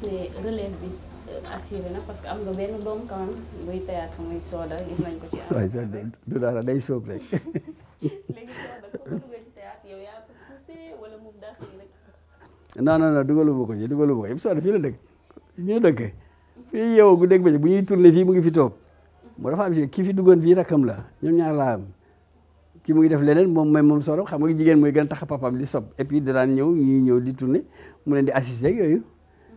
gis ne relève bi euh, assuré am nga benn doom quand même buy théâtre muy Soda gis nañ ko ci. waaw ça ko dugal ci fii la dëkk ñu dëkk fii yow gu dégg ba bu ñuy tourné fii mu ngi fi toog moo dafa am ki fi duggoon fii rakam la ñoom ñaar laa am. ki mu ngi def leneen moom mooy moom solo xam nga jigéen mooy gën a tax papaam di sob et puis danaan ñëw ñuy ñëw di tourner mu leen di assister ak yooyu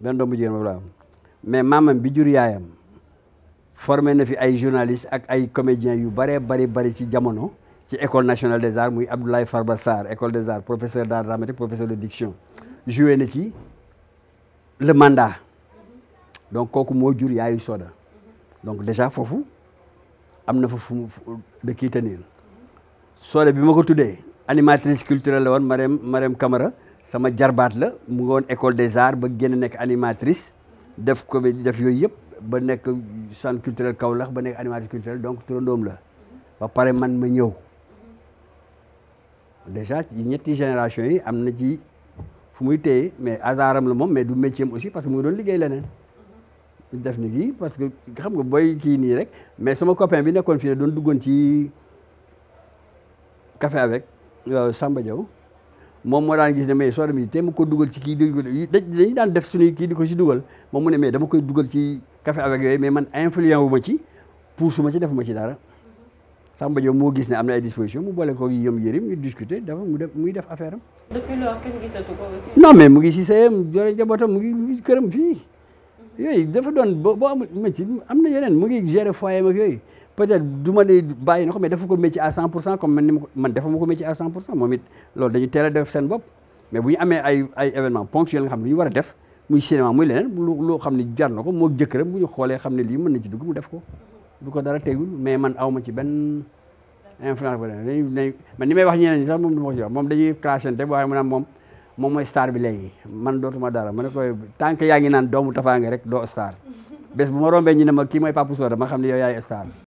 ben doom bu jigéen mais maamam bi jur yaayam formé na fi ay journalistes ak ay comédiens yu bëree bëri bëri ci jamono ci école nationale des arts muy Abdoulaye Farba sar école des arts professeur d'art dramatique professeur de diction joué na ci le mandat donc kooku mo jur yaayu Soda donc déjà fofu amna fofu de qui tenir Soda bi ma ko animatrice culturelle won woon Marème Camara sama jarbat la mu ngi école des arts ba génn nek animatrice def ko def yooyu yëpp ba nek centre culturel Kaolack ba nek animatrice culturel donc turandoom la ba paré man ma ñew déjà ci ñetti génération yi amna ci fu muy téye mais azaram la mom mais du métier aussi parce que mu ngi doon liggéey leneen def ni gi parce que xam nga boy ki ni rek mais sama copain bi nekkon fi doon duggoon ci café avec euh, Samba Diaw moom moo daan gis ne mais soo demee te ma ko dugal ci kii di dañu daan def suñuy kii di ko si dugal moom mu ne mais dama koy dugal ci café avec yooyu mais man influent wu ma ci pour su ma ci def ma ci dara Samba Diop moo gis ne am na ay disposition mu boole ko yëm yërim ñu discuter dafa mu def muy def affaire am. mais mu ngi si seeyam yore njabootam mu ngi këram fii yooyu dafa doon boo boo amul métier am na yeneen mu ngi gérer foyer ak yooyu. peut-être du ma ne bàyyi na ko mais defu ko métier à 100 pour cent comme man ni ma ko man defuma ko métier à 100 pour cent moom it loolu dañu teel a def seen bopp mais bu ñu amee ay ay événement ponctuel nga xam ne ñu war a def muy cinéma muy leneen lu loo xam ne jar na ko moo jëkkëram bu ñu xoolee xam ne lii mën na ci dugg mu def ko du ko dara tegul mais man awma ci benn influence ba dañuy man ni may wax ñeneen ñi sax moom du ma ko ci wax moom dañuy clashante waaye mu naan moom moom mooy star bi léegi man dootuma dara ma ne koy tant que yaa ngi naan doomu Tapha Gueye rek doo star bés bu ma rombee ñu ne ma kii mooy Papa Soda ma xam ne yow yaay star